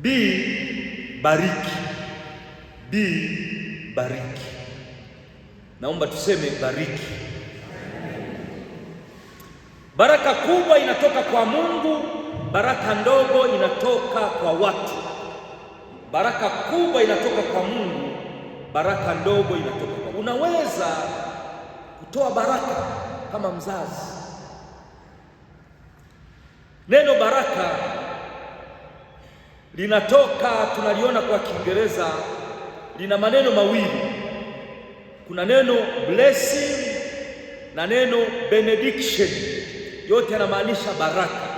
B bariki. B bariki. Naomba tuseme bariki. Baraka kubwa inatoka kwa Mungu, baraka ndogo inatoka kwa watu. Baraka kubwa inatoka kwa Mungu, baraka ndogo inatoka kwa. Unaweza kutoa baraka kama mzazi. Neno baraka linatoka, tunaliona kwa Kiingereza, lina maneno mawili. Kuna neno blessing na neno benediction, yote yanamaanisha baraka,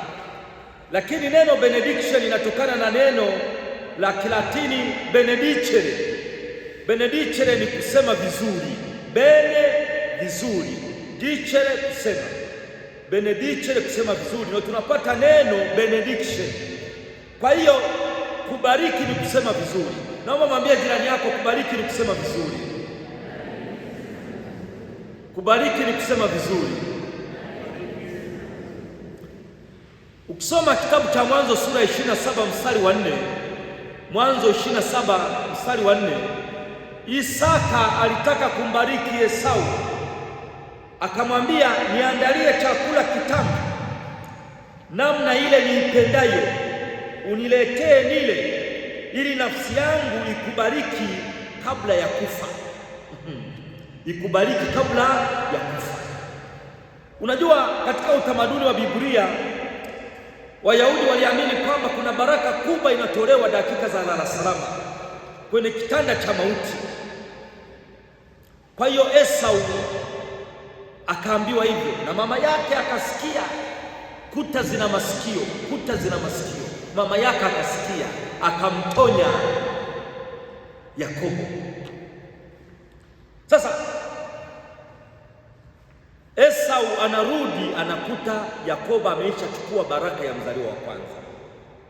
lakini neno benediction linatokana na neno la Kilatini benedicere. Benedicere ni kusema vizuri, bene vizuri, dicere kusema, benedicere kusema vizuri, ndio tunapata neno benediction. Kwa hiyo kubariki ni kusema vizuri. Naomba mwambie jirani yako, kubariki ni kusema vizuri. Kubariki ni kusema vizuri. Ukisoma kitabu cha Mwanzo sura ya 27 mstari wa 4, Mwanzo 27 mstari wa 4, Isaka alitaka kumbariki Esau, akamwambia niandalie chakula kitamu namna ile niipendayo uniletee nile, ili nafsi yangu ikubariki kabla ya kufa ikubariki kabla ya kufa. Unajua, katika utamaduni wa Biblia Wayahudi waliamini kwamba kuna baraka kubwa inatolewa dakika za lala salama kwenye kitanda cha mauti. Kwa hiyo Esau akaambiwa hivyo na mama yake akasikia, kuta zina masikio, kuta zina masikio mama yake akasikia, akamtonya Yakobo. Sasa Esau anarudi anakuta Yakobo ameishachukua baraka ya mzaliwa wa kwanza.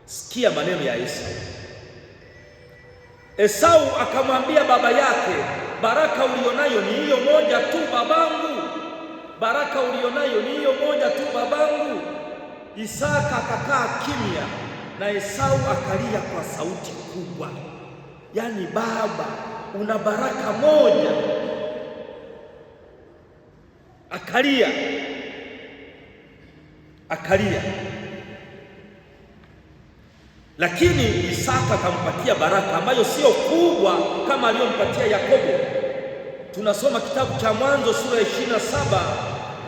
Sikia maneno ya Esau. Esau akamwambia baba yake, baraka ulionayo ni hiyo moja tu babangu, baraka ulionayo ni hiyo moja tu babangu. Isaka akakaa kimya na Esau akalia kwa sauti kubwa. Yaani, baba, una baraka moja. Akalia, akalia, lakini Isaka akampatia baraka ambayo sio kubwa kama aliyompatia Yakobo. Tunasoma kitabu cha Mwanzo sura ya 27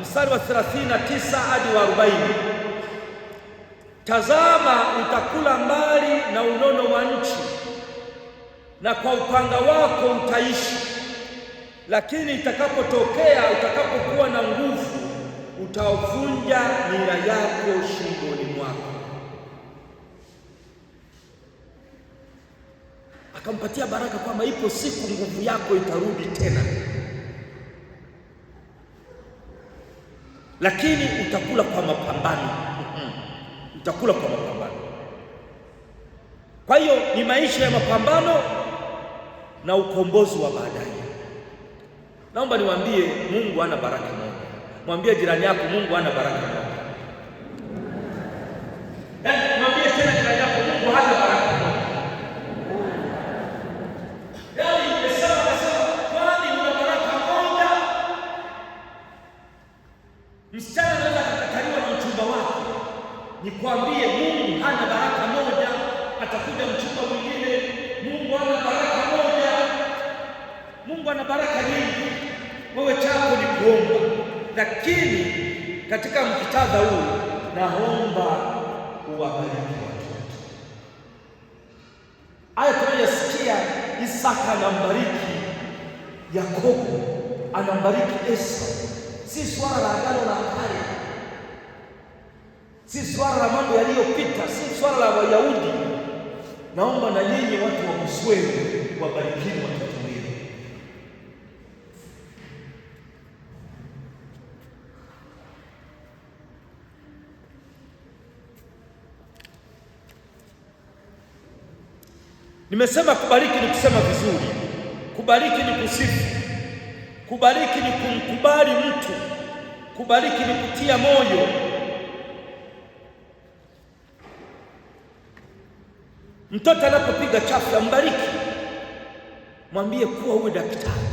mstari wa 39 hadi wa 40. Tazama, utakula mbali na unono wa nchi, na kwa upanga wako utaishi. Lakini itakapotokea utakapokuwa na nguvu, utaovunja nira yako shingoni mwako. Akampatia baraka kwamba ipo siku nguvu yako itarudi tena, lakini utakula kwa mapambano utakula kwa mapambano. Kwa hiyo ni maisha ya mapambano na ukombozi wa baadaye. Naomba niwaambie, Mungu ana baraka moja. Mwambie jirani yako, Mungu ana baraka Lakini katika mkitadha huu, naomba uwabariki watoto. Aya tunayosikia, Isaka anambariki Yakobo, anambariki Esau, si swala la agano la kale, si swala la mambo yaliyopita, si swala la Wayahudi. Naomba na nyinyi watu wa Busweli wabarikini watoto Nimesema kubariki ni kusema vizuri, kubariki ni kusifu, kubariki ni kumkubali mtu, kubariki ni kutia moyo. Mtoto anapopiga chafya mbariki, mwambie kuwa uwe daktari,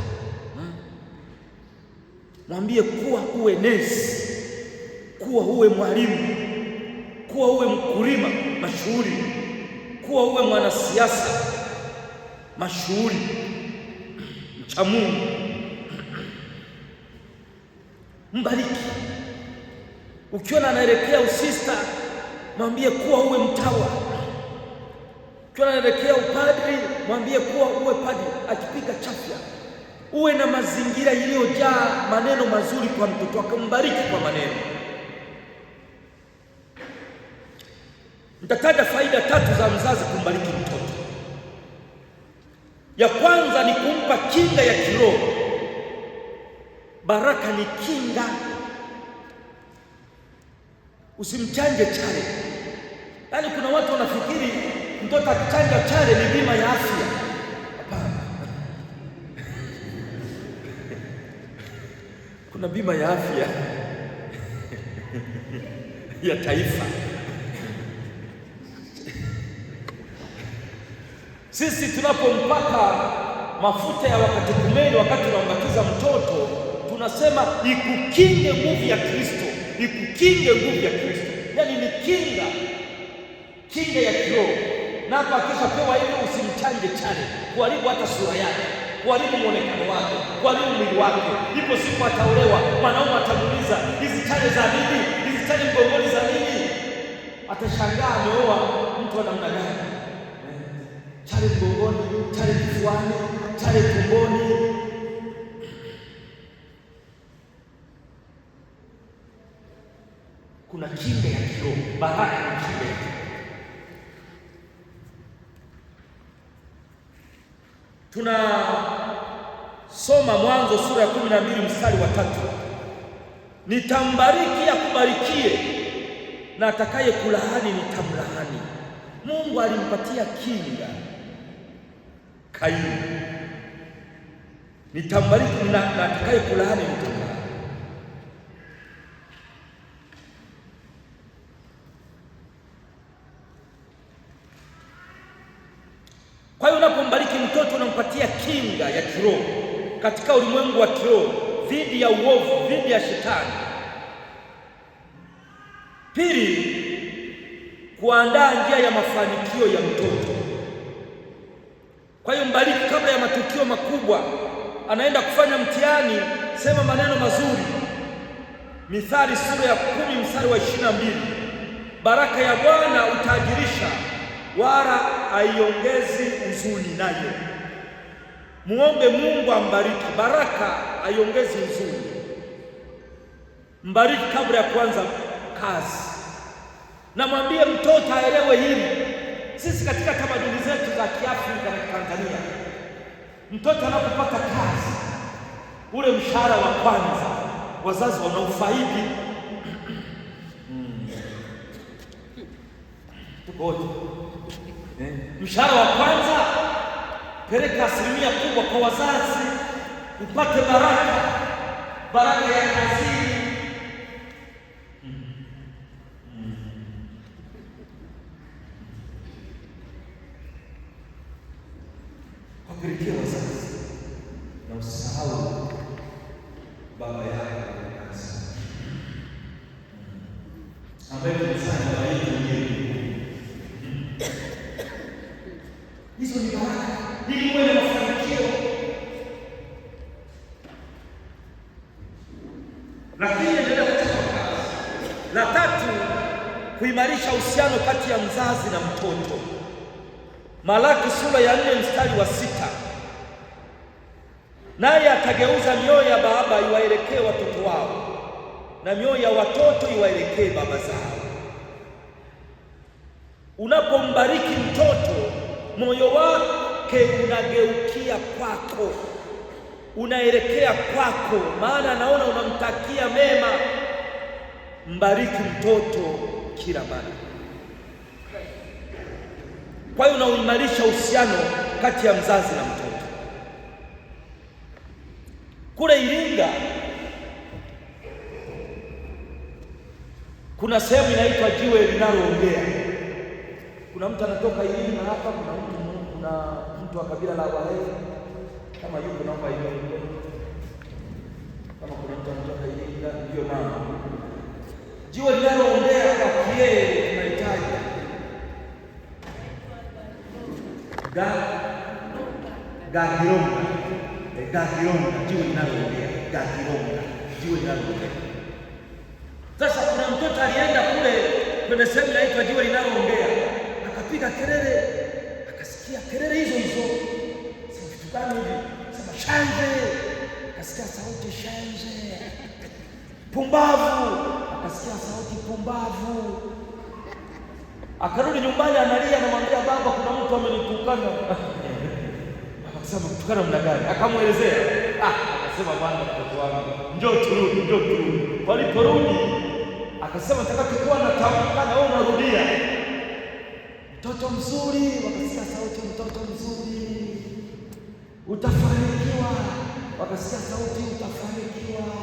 mwambie kuwa uwe nesi, kuwa uwe mwalimu, kuwa uwe mkulima mashuhuri, kuwa uwe mwanasiasa mashuhuri mcha Mungu, mbariki. Ukiona anaelekea usista, mwambie kuwa uwe mtawa. Ukiona anaelekea upadri, mwambie kuwa uwe padri. Akipiga chafya, uwe na mazingira iliyojaa maneno mazuri kwa mtoto wako, mbariki kwa maneno. Nitataja faida tatu za mzazi ya kwanza ni kumpa kinga ya kiroho. Baraka ni kinga. Usimchanje chale, yaani kuna watu wanafikiri mtoto akichanja chale ni bima ya afya. Hapana, kuna bima ya afya ya taifa. tunapompaka mafuta ya wakati kumeni, wakati unambatiza mtoto, tunasema ikukinge nguvu ya Kristo, ikukinge nguvu ya Kristo, yaani ni kinga, kinga ya kiroho. Na hapa akishapewa hivyo, usimchanje chane, kuharibu hata sura yake, kuharibu mwonekano wake, kuharibu mwili wake. Ipo siku ataolewa, mwanaume atamuuliza hizi chane za nini? Hizi chane mgongoni za nini? Atashangaa ameoa mtu wa namna gani? chale mgongoni, chale kifuani, chale tumboni. Kuna kinga ya kiroho, baraka na kinga ya kiroho. Tunasoma Mwanzo sura ya kumi na mbili mstari wa tatu nitambariki akubarikie, na atakaye kulahani nitamlahani Mungu alimpatia kinga. Kaini, nitambariki na natakaye kulaani nitamlaani. Kwa hiyo unapombariki mtoto unampatia kinga ya kiroho katika ulimwengu wa kiroho dhidi ya uovu, dhidi ya shetani. Pili, kuandaa njia ya mafanikio ya mtoto. Kwa hiyo mbariki kabla ya matukio makubwa. Anaenda kufanya mtihani, sema maneno mazuri. Mithali sura ya kumi mstari wa ishirini na mbili baraka ya Bwana utaajirisha wala haiongezi huzuni nayo. Muombe Mungu ambariki, baraka haiongezi huzuni. Mbariki kabla ya kuanza kazi, namwambie mtoto aelewe hili sisi katika tamaduni zetu za Kiafrika na Tanzania, mtoto anapopata kazi, ule mshahara wa kwanza wazazi wanaufaidi hmm. tukoje? Eh. Mshahara wa kwanza peleka asilimia kubwa kwa wazazi, upate baraka, baraka ya kazi ambaye Hizo ni baraka ili La tatu, kuimarisha uhusiano kati ya mzazi na mtoto. Malaki sura ya nne mstari wa sita naye atageuza mioyo ya baba iwaelekee watoto wao na mioyo ya watoto iwaelekee baba zao. Unapombariki mtoto, moyo wake unageukia kwako, unaelekea kwako, maana naona unamtakia mema. Mbariki mtoto kila mara. Kwa hiyo unaimarisha uhusiano kati ya mzazi na mtoto. Kule Iringa Kuna sehemu inaitwa jiwe linaloongea. Kuna mtu anatoka hivi na hapa, kuna mtu kuna mtu wa kabila la Wahehe kama yuko naomba hiyo, kama kuna mtu anatoka hivi na ndio mama. Jiwe linaloongea kwa kiee tunahitaji ga gagironga eh, gagironga, jiwe linaloongea gagironga, jiwe linaloongea Mtoto alienda kule kwenye sehemu inaitwa jiwe linaloongea, akapiga kelele, akasikia kelele hizo hizo, si vitu gani hivi? Sema shanje, akasikia sauti shanje. Pumbavu, akasikia sauti pumbavu. Akarudi nyumbani, analia, anamwambia baba, kuna mtu amenitukana. Akasema kutukana mna gani? Akamwelezea. Ah, akasema bwana, mtoto wangu, njoo turudi, njoo turudi. Waliporudi Akasema nitakachokuwa natamka na wewe unarudia. Mtoto mzuri, wakasikia sauti, mtoto mzuri, utafanikiwa. Wakasikia sauti, utafanikiwa.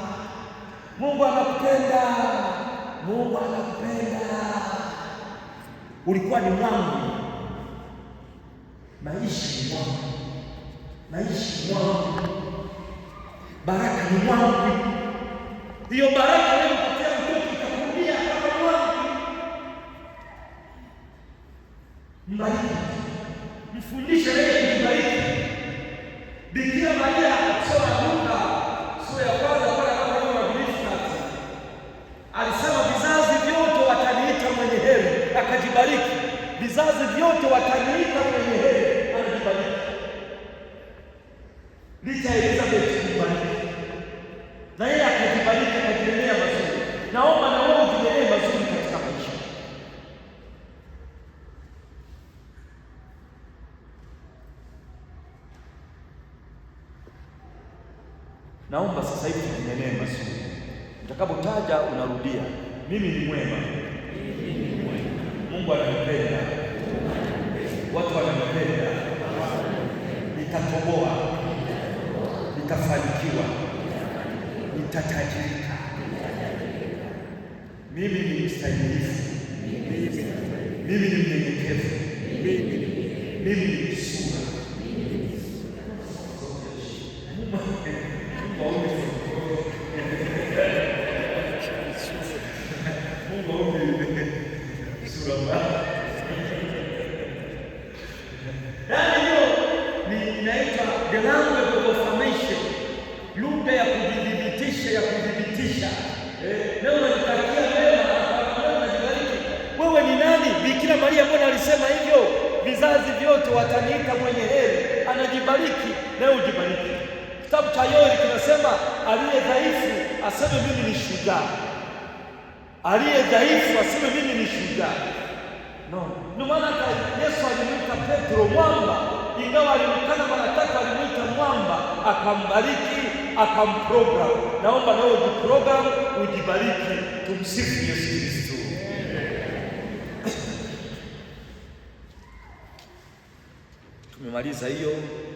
Mungu anakupenda, Mungu anakupenda. Ulikuwa ni mwangu, maishi ni mwangu, naishi ni mwangu, baraka ni mwangu, hiyo baraka mbariki, mfundishe yeye kumbariki. Bikira Maria akisoma Luka sura ya kwanza mpaka kama hiyo alisema vizazi vyote wataniita mwenye heri, akajibariki. Vizazi vyote wataniita mwenye heri, anajibariki licha ya narudia, mimi ni mwema, Mungu ananipenda, watu wananipenda, nitatoboa, nitafanikiwa, nitatajirika. Mimi ni mstahilifu, mimi ni mnyenyekevu, mimi ni grammar of confirmation, lugha ya kujidhibitisha ya kudhibitisha. Eh, leo nitakia mema Wewe ni nani? Bikira Maria mbona alisema hivyo, vizazi vyote wataniita mwenye heri. Anajibariki na ujibariki. Kitabu cha Yoeli kinasema aliye dhaifu aseme mimi ni shujaa, aliye dhaifu aseme mimi ni shujaa. No, ndio maana Yesu alimwita Petro mwamba ingawa alionekana tatu alimwita mwamba, akambariki, akamprogram. Naomba nawe ujiprogram, ujibariki. Tumsifu Yesu Kristo. Tumemaliza hiyo.